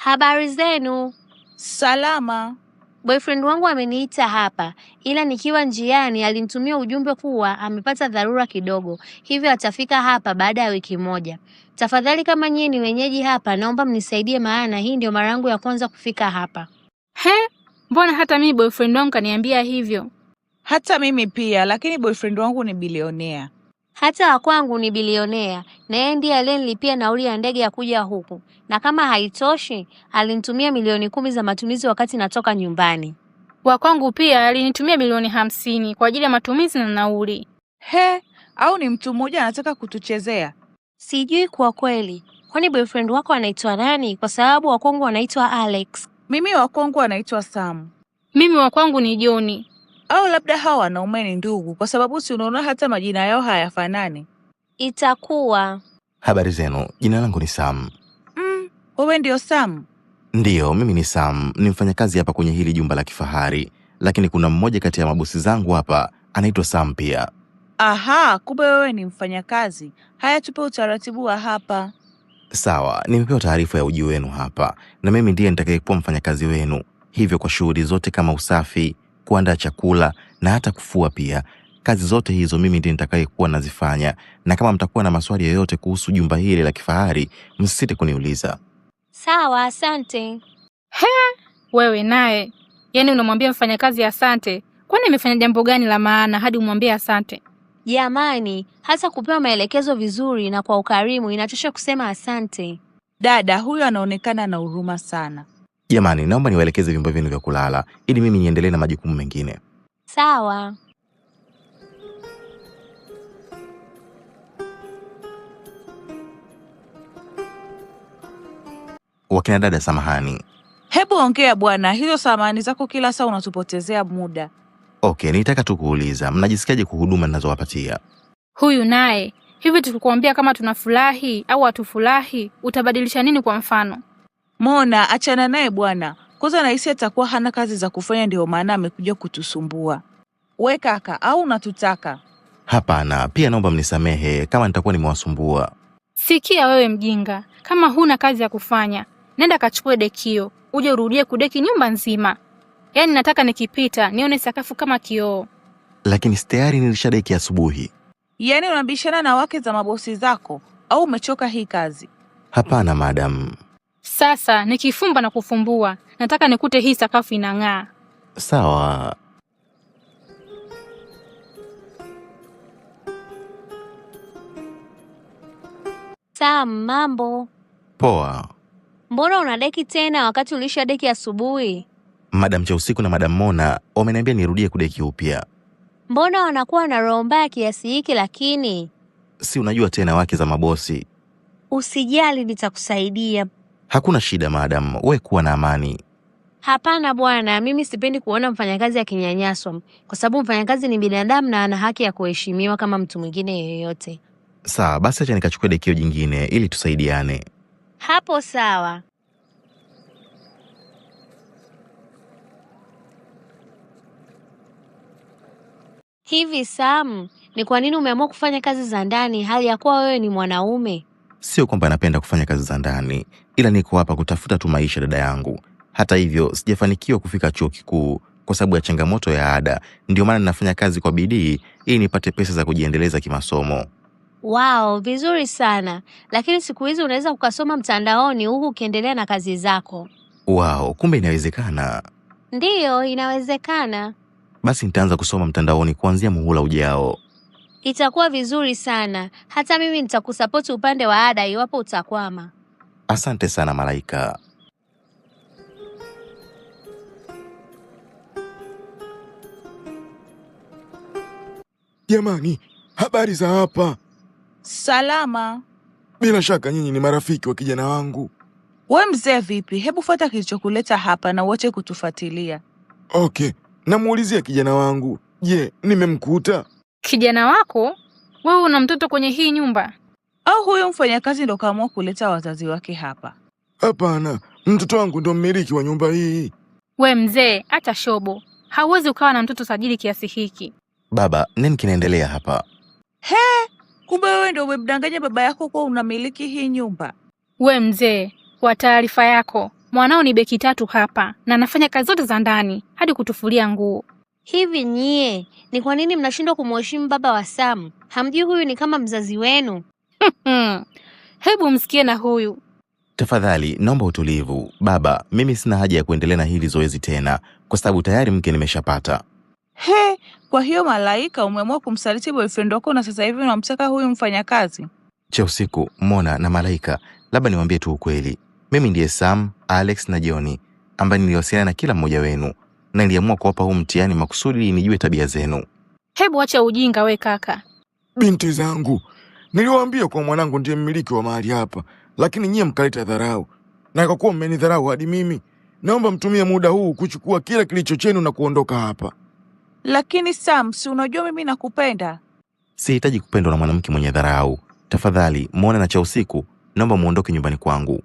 Habari zenu? Salama. Boyfriend wangu ameniita hapa, ila nikiwa njiani alinitumia ujumbe kuwa amepata dharura kidogo, hivyo atafika hapa baada ya wiki moja. Tafadhali, kama nyinyi ni wenyeji hapa, naomba mnisaidie, maana hii ndio mara yangu ya kwanza kufika hapa. He, mbona hata mimi boyfriend wangu kaniambia hivyo. Hata mimi pia, lakini boyfriend wangu ni bilionea hata wa kwangu ni bilionea na yeye ndiye aliyenilipia nauli ya ndege ya kuja huku, na kama haitoshi alinitumia milioni kumi za matumizi wakati natoka nyumbani. Wa kwangu pia alinitumia milioni hamsini kwa ajili ya matumizi na nauli. He, au ni mtu mmoja anataka kutuchezea? Sijui kwa kweli. Kwani boyfriend wako anaitwa nani? Kwa sababu wa kwangu anaitwa Alex. Mimi wa kwangu anaitwa Sam. Mimi wa kwangu ni Joni au labda hawa wanaume ni ndugu, kwa sababu si unaona hata majina yao hayafanani. Itakuwa habari zenu, jina langu ni Sam. Mm, wewe ndio Sam? Ndiyo, mimi ni Sam, ni mfanyakazi hapa kwenye hili jumba la kifahari, lakini kuna mmoja kati ya mabosi zangu hapa anaitwa Sam pia. Aha, kumbe wewe ni mfanyakazi. Haya, tupe utaratibu wa hapa. Sawa, nimepewa taarifa ya uji wenu hapa, na mimi ndiye nitakayekuwa mfanyakazi wenu, hivyo kwa shughuli zote kama usafi, kuandaa chakula na hata kufua pia. Kazi zote hizo mimi ndiye nitakayekuwa nazifanya, na kama mtakuwa na maswali yoyote kuhusu jumba hili la kifahari msisite kuniuliza. Sawa, asante. He, wewe naye, yaani unamwambia mfanyakazi asante? Kwani amefanya jambo gani la maana hadi umwambie asante? Jamani, hasa kupewa maelekezo vizuri na kwa ukarimu inatosha kusema asante. Dada huyu anaonekana na huruma sana, Jamani, naomba niwaelekeze vyumba vyenu vya kulala ili mimi niendelee na majukumu mengine. Sawa. Wakina dada, samahani. Hebu ongea bwana, hizo samahani zako kila saa unatupotezea muda. Okay, nitaka tu kuuliza mnajisikiaje kwa huduma ninazowapatia? Huyu naye hivi, tukikwambia kama tunafurahi au hatufurahi utabadilisha nini? Kwa mfano Mona, achana naye bwana. Kwanza nahisi atakuwa hana kazi za kufanya, ndio maana amekuja kutusumbua. We kaka, au unatutaka? Hapana, pia naomba mnisamehe kama nitakuwa nimewasumbua. Sikia wewe mjinga, kama huna kazi ya kufanya, nenda kachukue dekio, uje urudie kudeki nyumba nzima. Yaani nataka nikipita nione sakafu kama kioo. Lakini tayari nilishadeki asubuhi. Yaani unabishana na wake za mabosi zako, au umechoka hii kazi? Hapana madam. Sasa nikifumba na kufumbua, nataka nikute hii sakafu inang'aa. Sawa. Saa mambo. Poa. Mbona una deki tena wakati ulisha deki asubuhi? Madam cha usiku na Madam Mona wameniambia nirudie kudeki upya. Mbona wanakuwa na roho mbaya kiasi hiki? Lakini si unajua tena wake za mabosi. Usijali, nitakusaidia. Hakuna shida madam, we kuwa na amani. Hapana bwana, mimi sipendi kuona mfanyakazi akinyanyaswa, kwa sababu mfanyakazi ni binadamu na ana haki ya kuheshimiwa kama mtu mwingine yeyote. Sawa basi, acha nikachukua dekio jingine ili tusaidiane hapo. Sawa. Hivi Sam, ni kwa nini umeamua kufanya kazi za ndani hali ya kuwa wewe ni mwanaume? Sio kwamba napenda kufanya kazi za ndani, ila niko hapa kutafuta tu maisha, dada yangu. Hata hivyo, sijafanikiwa kufika chuo kikuu kwa sababu ya changamoto ya ada. Ndio maana ninafanya kazi kwa bidii ili nipate pesa za kujiendeleza kimasomo. Wao, vizuri sana. Lakini siku hizi unaweza ukasoma mtandaoni huku ukiendelea na kazi zako. Wao, kumbe inawezekana. Ndiyo, inawezekana. Basi nitaanza kusoma mtandaoni kuanzia muhula ujao. Itakuwa vizuri sana, hata mimi nitakusapoti upande wa ada iwapo utakwama. Asante sana Malaika. Jamani, habari za hapa? Salama. Bila shaka nyinyi ni marafiki wa kijana wangu. We mzee, vipi? Hebu fuata kilichokuleta hapa na wote kutufuatilia. Okay, namuulizia kijana wangu, je, nimemkuta? Kijana wako wewe una mtoto kwenye hii nyumba au huyo mfanyakazi ndo kaamua kuleta wazazi wake hapa? Hapana, mtoto wangu ndo mmiliki wa nyumba hii. We mzee, hata shobo hauwezi ukawa na mtoto sajili kiasi hiki. Baba, nini kinaendelea hapa? He, kumbe wewe ndo umemdanganya baba yako kuwa unamiliki hii nyumba. We mzee, kwa taarifa yako, mwanao ni beki tatu hapa na anafanya kazi zote za ndani hadi kutufulia nguo. Hivi nyie ni kwa nini mnashindwa kumheshimu baba wa Sam? Hamjui huyu ni kama mzazi wenu? Hmm, hebu msikie na huyu. Tafadhali naomba utulivu baba, mimi sina haja ya kuendelea na hili zoezi tena, kwa sababu tayari mke nimeshapata. He, kwa hiyo Malaika, umeamua kumsaliti boyfriend wako na sasa hivi unamtaka huyu mfanyakazi? Cha usiku Mona na Malaika, labda niwaambie tu ukweli, mimi ndiye Sam, Alex na Joni ambaye niliwasiliana na kila mmoja wenu na niliamua kuwapa huu mtihani makusudi nijue tabia zenu. Hebu acha ujinga we kaka. Binti zangu, niliwaambia kwa mwanangu ndiye mmiliki wa mahali hapa, lakini nyie mkaleta dharau, na kwa kuwa mmenidharau hadi mimi, naomba mtumie muda huu kuchukua kila kilicho chenu na kuondoka hapa. Lakini Sam, si unajua mimi nakupenda. Sihitaji kupendwa na mwanamke mwenye dharau. Tafadhali muone na cha usiku, naomba muondoke nyumbani kwangu.